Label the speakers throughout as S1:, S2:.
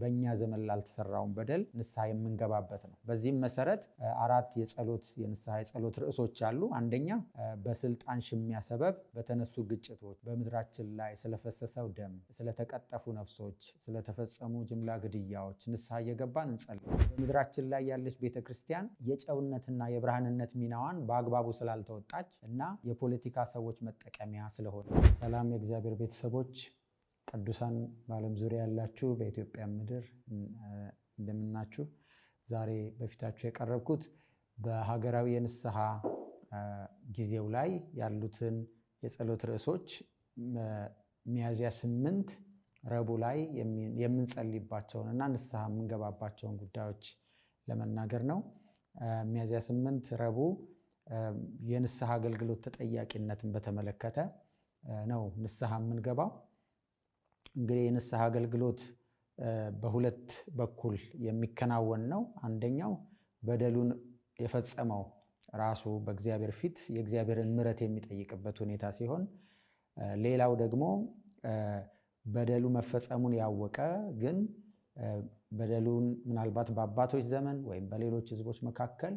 S1: በእኛ ዘመን ላልተሰራውን በደል ንስሐ የምንገባበት ነው። በዚህም መሰረት አራት የጸሎት የንስሐ የጸሎት ርዕሶች አሉ። አንደኛ በስልጣን ሽሚያ ሰበብ በተነሱ ግጭቶች፣ በምድራችን ላይ ስለፈሰሰው ደም፣ ስለተቀጠፉ ነፍሶች፣ ስለተፈጸሙ ጅምላ ግድያዎች ንስሐ እየገባን እንጸል። በምድራችን ላይ ያለች ቤተ ክርስቲያን የጨውነትና የብርሃንነት ሚናዋን በአግባቡ ስላልተወጣች እና የፖለቲካ ሰዎች መጠቀሚያ ስለሆነ ሰላም የእግዚአብሔር ቤተሰቦች ቅዱሳን በዓለም ዙሪያ ያላችሁ በኢትዮጵያ ምድር እንደምናችሁ። ዛሬ በፊታችሁ የቀረብኩት በሀገራዊ የንስሐ ጊዜው ላይ ያሉትን የጸሎት ርዕሶች ሚያዝያ ስምንት ረቡዕ ላይ የምንጸልይባቸውን እና ንስሐ የምንገባባቸውን ጉዳዮች ለመናገር ነው። ሚያዝያ ስምንት ረቡዕ የንስሐ አገልግሎት ተጠያቂነትን በተመለከተ ነው ንስሐ የምንገባው እንግዲህ የንስሐ አገልግሎት በሁለት በኩል የሚከናወን ነው። አንደኛው በደሉን የፈጸመው ራሱ በእግዚአብሔር ፊት የእግዚአብሔርን ምረት የሚጠይቅበት ሁኔታ ሲሆን፣ ሌላው ደግሞ በደሉ መፈጸሙን ያወቀ ግን በደሉን ምናልባት በአባቶች ዘመን ወይም በሌሎች ሕዝቦች መካከል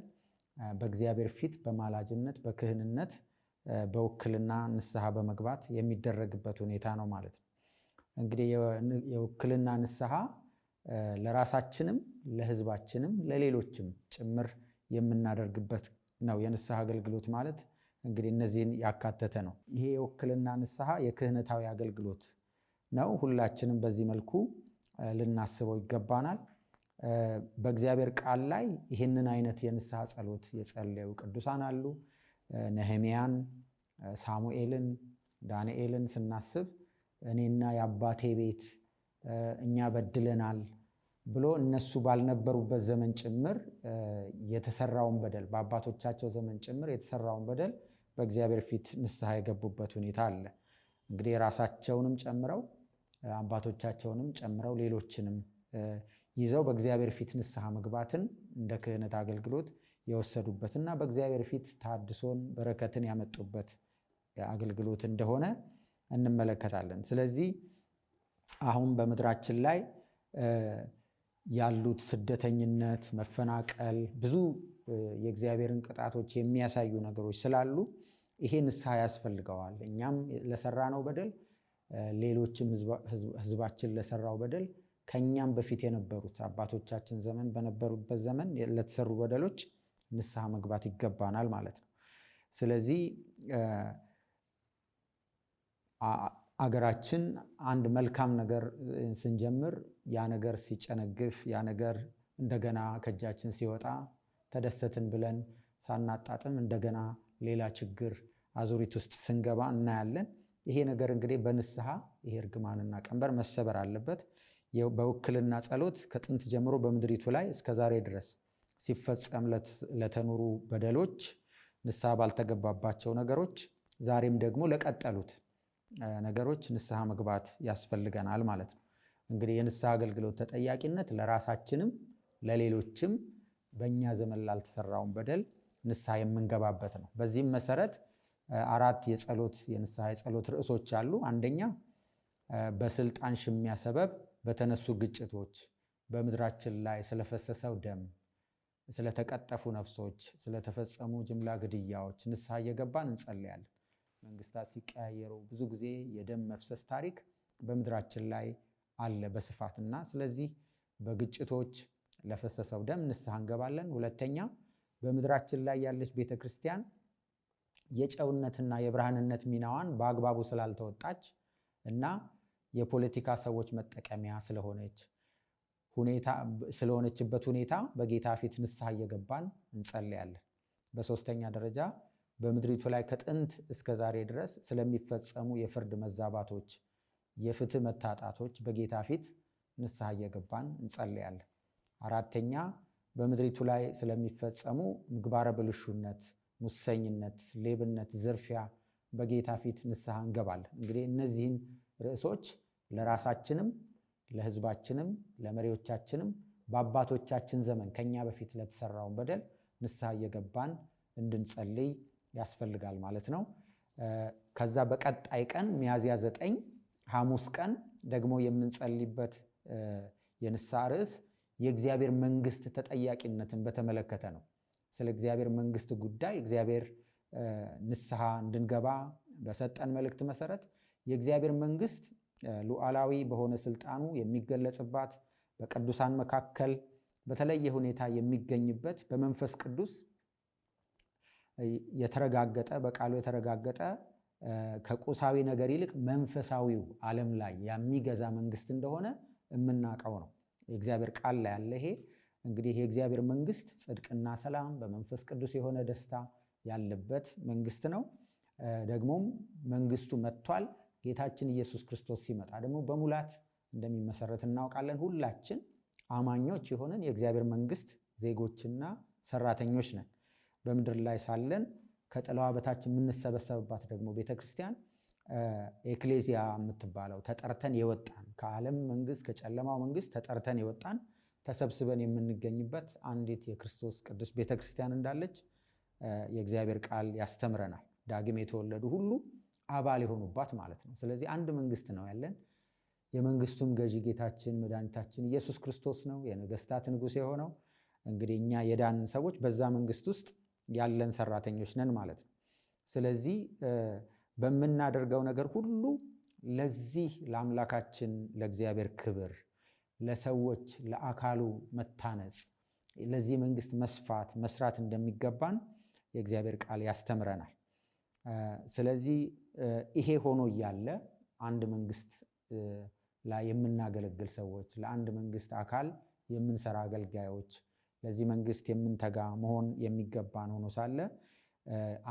S1: በእግዚአብሔር ፊት በማላጅነት በክህንነት በውክልና ንስሐ በመግባት የሚደረግበት ሁኔታ ነው ማለት ነው። እንግዲህ የውክልና ንስሐ ለራሳችንም ለህዝባችንም ለሌሎችም ጭምር የምናደርግበት ነው። የንስሐ አገልግሎት ማለት እንግዲህ እነዚህን ያካተተ ነው። ይሄ የውክልና ንስሐ የክህነታዊ አገልግሎት ነው። ሁላችንም በዚህ መልኩ ልናስበው ይገባናል። በእግዚአብሔር ቃል ላይ ይህንን አይነት የንስሐ ጸሎት የጸለዩ ቅዱሳን አሉ። ነህምያን፣ ሳሙኤልን፣ ዳንኤልን ስናስብ እኔና የአባቴ ቤት እኛ በድለናል ብሎ እነሱ ባልነበሩበት ዘመን ጭምር የተሰራውን በደል በአባቶቻቸው ዘመን ጭምር የተሰራውን በደል በእግዚአብሔር ፊት ንስሐ የገቡበት ሁኔታ አለ። እንግዲህ ራሳቸውንም ጨምረው አባቶቻቸውንም ጨምረው ሌሎችንም ይዘው በእግዚአብሔር ፊት ንስሐ መግባትን እንደ ክህነት አገልግሎት የወሰዱበትና በእግዚአብሔር ፊት ታድሶን በረከትን ያመጡበት አገልግሎት እንደሆነ እንመለከታለን። ስለዚህ አሁን በምድራችን ላይ ያሉት ስደተኝነት፣ መፈናቀል፣ ብዙ የእግዚአብሔርን ቅጣቶች የሚያሳዩ ነገሮች ስላሉ ይሄ ንስሐ ያስፈልገዋል። እኛም ለሰራነው በደል፣ ሌሎችም ህዝባችን ለሰራው በደል ከእኛም በፊት የነበሩት አባቶቻችን ዘመን በነበሩበት ዘመን ለተሰሩ በደሎች ንስሐ መግባት ይገባናል ማለት ነው። ስለዚህ አገራችን አንድ መልካም ነገር ስንጀምር ያ ነገር ሲጨነግፍ ያ ነገር እንደገና ከእጃችን ሲወጣ ተደሰትን ብለን ሳናጣጥም እንደገና ሌላ ችግር አዙሪት ውስጥ ስንገባ እናያለን። ይሄ ነገር እንግዲህ በንስሐ ይሄ እርግማንና ቀንበር መሰበር አለበት። በውክልና ጸሎት ከጥንት ጀምሮ በምድሪቱ ላይ እስከ ዛሬ ድረስ ሲፈጸም ለተኖሩ በደሎች፣ ንስሐ ባልተገባባቸው ነገሮች፣ ዛሬም ደግሞ ለቀጠሉት ነገሮች ንስሐ መግባት ያስፈልገናል ማለት ነው። እንግዲህ የንስሐ አገልግሎት ተጠያቂነት ለራሳችንም ለሌሎችም በእኛ ዘመን ላልተሰራውን በደል ንስሐ የምንገባበት ነው። በዚህም መሰረት አራት የጸሎት የንስሐ የጸሎት ርዕሶች አሉ። አንደኛ በስልጣን ሽሚያ ሰበብ በተነሱ ግጭቶች፣ በምድራችን ላይ ስለፈሰሰው ደም፣ ስለተቀጠፉ ነፍሶች፣ ስለተፈጸሙ ጅምላ ግድያዎች ንስሐ እየገባን እንጸልያለን። መንግስታት ሲቀያየሩ ብዙ ጊዜ የደም መፍሰስ ታሪክ በምድራችን ላይ አለ በስፋት እና ስለዚህ በግጭቶች ለፈሰሰው ደም ንስሐ እንገባለን። ሁለተኛ በምድራችን ላይ ያለች ቤተክርስቲያን የጨውነትና የብርሃንነት ሚናዋን በአግባቡ ስላልተወጣች እና የፖለቲካ ሰዎች መጠቀሚያ ስለሆነች ስለሆነችበት ሁኔታ በጌታ ፊት ንስሐ እየገባን እንጸልያለን። በሶስተኛ ደረጃ በምድሪቱ ላይ ከጥንት እስከ ዛሬ ድረስ ስለሚፈጸሙ የፍርድ መዛባቶች፣ የፍትህ መታጣቶች በጌታ ፊት ንስሐ እየገባን እንጸልያለን። አራተኛ በምድሪቱ ላይ ስለሚፈጸሙ ምግባረ ብልሹነት፣ ሙሰኝነት፣ ሌብነት፣ ዝርፊያ በጌታ ፊት ንስሐ እንገባለን። እንግዲህ እነዚህን ርዕሶች ለራሳችንም ለህዝባችንም ለመሪዎቻችንም በአባቶቻችን ዘመን ከኛ በፊት ለተሰራውን በደል ንስሐ እየገባን እንድንጸልይ ያስፈልጋል ማለት ነው። ከዛ በቀጣይ ቀን ሚያዝያ ዘጠኝ ሐሙስ ቀን ደግሞ የምንጸልይበት የንስሐ ርዕስ የእግዚአብሔር መንግስት ተጠያቂነትን በተመለከተ ነው። ስለ እግዚአብሔር መንግስት ጉዳይ እግዚአብሔር ንስሐ እንድንገባ በሰጠን መልእክት መሰረት የእግዚአብሔር መንግስት ሉዓላዊ በሆነ ስልጣኑ የሚገለጽባት በቅዱሳን መካከል በተለየ ሁኔታ የሚገኝበት በመንፈስ ቅዱስ የተረጋገጠ በቃሉ የተረጋገጠ ከቁሳዊ ነገር ይልቅ መንፈሳዊው ዓለም ላይ የሚገዛ መንግስት እንደሆነ የምናውቀው ነው። የእግዚአብሔር ቃል ላይ ያለ ይሄ እንግዲህ የእግዚአብሔር መንግስት ጽድቅና ሰላም በመንፈስ ቅዱስ የሆነ ደስታ ያለበት መንግስት ነው። ደግሞም መንግስቱ መጥቷል። ጌታችን ኢየሱስ ክርስቶስ ሲመጣ ደግሞ በሙላት እንደሚመሰረት እናውቃለን። ሁላችን አማኞች የሆንን የእግዚአብሔር መንግስት ዜጎችና ሰራተኞች ነን። በምድር ላይ ሳለን ከጥላዋ በታች የምንሰበሰብባት ደግሞ ቤተክርስቲያን ኤክሌዚያ የምትባለው ተጠርተን የወጣን ከዓለም መንግስት ከጨለማው መንግስት ተጠርተን የወጣን ተሰብስበን የምንገኝበት አንዲት የክርስቶስ ቅዱስ ቤተክርስቲያን እንዳለች የእግዚአብሔር ቃል ያስተምረናል። ዳግም የተወለዱ ሁሉ አባል የሆኑባት ማለት ነው። ስለዚህ አንድ መንግስት ነው ያለን። የመንግስቱም ገዢ ጌታችን መድኃኒታችን ኢየሱስ ክርስቶስ ነው፣ የነገስታት ንጉሥ የሆነው። እንግዲህ እኛ የዳንን ሰዎች በዛ መንግስት ውስጥ ያለን ሰራተኞች ነን ማለት ነው። ስለዚህ በምናደርገው ነገር ሁሉ ለዚህ ለአምላካችን ለእግዚአብሔር ክብር፣ ለሰዎች ለአካሉ መታነጽ፣ ለዚህ መንግስት መስፋት መስራት እንደሚገባን የእግዚአብሔር ቃል ያስተምረናል። ስለዚህ ይሄ ሆኖ እያለ አንድ መንግስት ላይ የምናገለግል ሰዎች፣ ለአንድ መንግስት አካል የምንሰራ አገልጋዮች ለዚህ መንግስት የምንተጋ መሆን የሚገባን ሆኖ ሳለ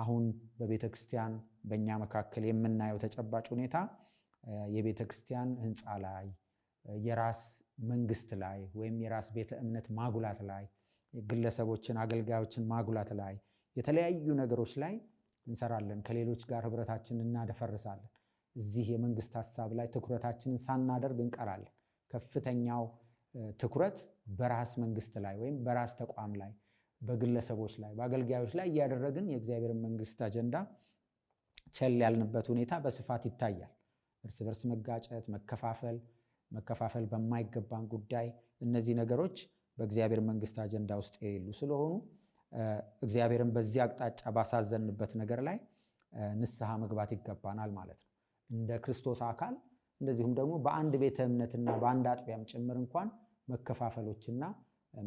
S1: አሁን በቤተ ክርስቲያን በእኛ መካከል የምናየው ተጨባጭ ሁኔታ የቤተ ክርስቲያን ህንፃ ላይ የራስ መንግስት ላይ ወይም የራስ ቤተ እምነት ማጉላት ላይ ግለሰቦችን፣ አገልጋዮችን ማጉላት ላይ የተለያዩ ነገሮች ላይ እንሰራለን። ከሌሎች ጋር ህብረታችንን እናደፈርሳለን። እዚህ የመንግስት ሀሳብ ላይ ትኩረታችንን ሳናደርግ እንቀራለን። ከፍተኛው ትኩረት በራስ መንግስት ላይ ወይም በራስ ተቋም ላይ፣ በግለሰቦች ላይ፣ በአገልጋዮች ላይ እያደረግን የእግዚአብሔር መንግስት አጀንዳ ቸል ያልንበት ሁኔታ በስፋት ይታያል። እርስ በርስ መጋጨት፣ መከፋፈል መከፋፈል በማይገባን ጉዳይ እነዚህ ነገሮች በእግዚአብሔር መንግስት አጀንዳ ውስጥ የሌሉ ስለሆኑ እግዚአብሔርን በዚህ አቅጣጫ ባሳዘንበት ነገር ላይ ንስሐ መግባት ይገባናል ማለት ነው። እንደ ክርስቶስ አካል እንደዚሁም ደግሞ በአንድ ቤተ እምነትና በአንድ አጥቢያም ጭምር እንኳን መከፋፈሎችና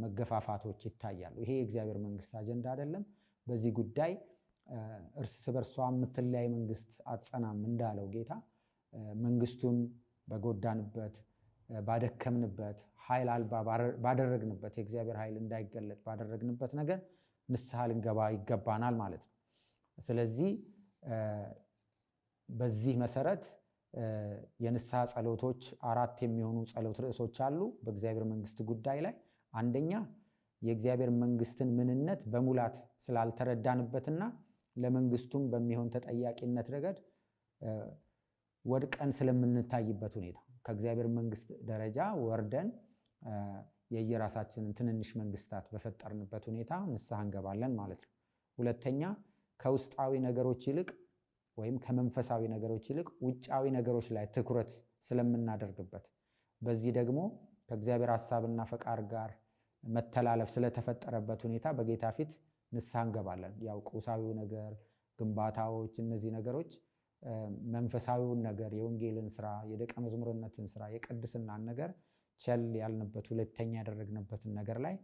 S1: መገፋፋቶች ይታያሉ። ይሄ የእግዚአብሔር መንግስት አጀንዳ አይደለም። በዚህ ጉዳይ እርስ በርሷ የምትለያይ መንግስት አጸናም እንዳለው ጌታ መንግስቱን በጎዳንበት፣ ባደከምንበት፣ ኃይል አልባ ባደረግንበት፣ የእግዚአብሔር ኃይል እንዳይገለጥ ባደረግንበት ነገር ንስሐ ልንገባ ይገባናል ማለት ነው። ስለዚህ በዚህ መሰረት የንስሐ ጸሎቶች አራት የሚሆኑ ጸሎት ርዕሶች አሉ በእግዚአብሔር መንግስት ጉዳይ ላይ። አንደኛ የእግዚአብሔር መንግስትን ምንነት በሙላት ስላልተረዳንበትና ለመንግስቱም በሚሆን ተጠያቂነት ረገድ ወድቀን ስለምንታይበት ሁኔታ ከእግዚአብሔር መንግስት ደረጃ ወርደን የየራሳችንን ትንንሽ መንግስታት በፈጠርንበት ሁኔታ ንስሐ እንገባለን ማለት ነው። ሁለተኛ ከውስጣዊ ነገሮች ይልቅ ወይም ከመንፈሳዊ ነገሮች ይልቅ ውጫዊ ነገሮች ላይ ትኩረት ስለምናደርግበት በዚህ ደግሞ ከእግዚአብሔር ሀሳብና ፈቃድ ጋር መተላለፍ ስለተፈጠረበት ሁኔታ በጌታ ፊት ንስሐ እንገባለን። ያው ቁሳዊው ነገር፣ ግንባታዎች፣ እነዚህ ነገሮች መንፈሳዊውን ነገር የወንጌልን ስራ፣ የደቀ መዝሙርነትን ስራ፣ የቅድስናን ነገር ቸል ያልንበት ሁለተኛ ያደረግንበትን ነገር ላይ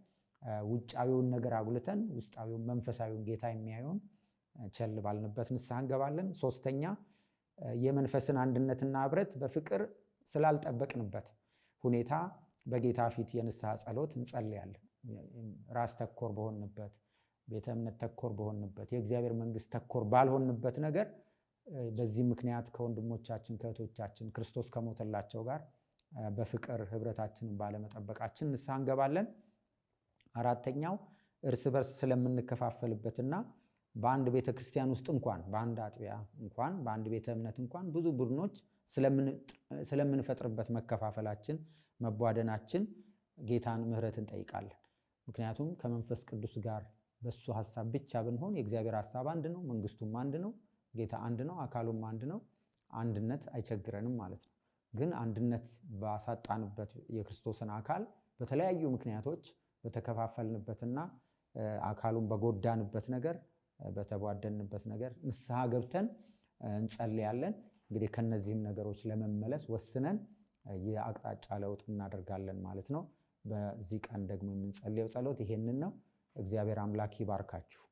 S1: ውጫዊውን ነገር አጉልተን ውስጣዊውን መንፈሳዊውን ጌታ የሚያየውን ቸል ባልንበት ንስሐ እንገባለን። ሶስተኛ የመንፈስን አንድነትና ህብረት በፍቅር ስላልጠበቅንበት ሁኔታ በጌታ ፊት የንስሐ ጸሎት እንጸልያለን። ራስ ተኮር በሆንበት፣ ቤተ እምነት ተኮር በሆንበት፣ የእግዚአብሔር መንግስት ተኮር ባልሆንበት ነገር በዚህ ምክንያት ከወንድሞቻችን ከእህቶቻችን ክርስቶስ ከሞተላቸው ጋር በፍቅር ህብረታችንን ባለመጠበቃችን ንስሐ እንገባለን። አራተኛው እርስ በርስ ስለምንከፋፈልበትና በአንድ ቤተ ክርስቲያን ውስጥ እንኳን በአንድ አጥቢያ እንኳን በአንድ ቤተ እምነት እንኳን ብዙ ቡድኖች ስለምንፈጥርበት መከፋፈላችን፣ መቧደናችን ጌታን ምሕረት እንጠይቃለን። ምክንያቱም ከመንፈስ ቅዱስ ጋር በሱ ሀሳብ ብቻ ብንሆን የእግዚአብሔር ሀሳብ አንድ ነው፣ መንግስቱም አንድ ነው፣ ጌታ አንድ ነው፣ አካሉም አንድ ነው። አንድነት አይቸግረንም ማለት ነው። ግን አንድነት ባሳጣንበት የክርስቶስን አካል በተለያዩ ምክንያቶች በተከፋፈልንበትና አካሉን በጎዳንበት ነገር በተቧደንበት ነገር ንስሐ ገብተን እንጸልያለን። እንግዲህ ከነዚህም ነገሮች ለመመለስ ወስነን የአቅጣጫ ለውጥ እናደርጋለን ማለት ነው። በዚህ ቀን ደግሞ የምንጸልየው ጸሎት ይሄንን ነው። እግዚአብሔር አምላክ ይባርካችሁ።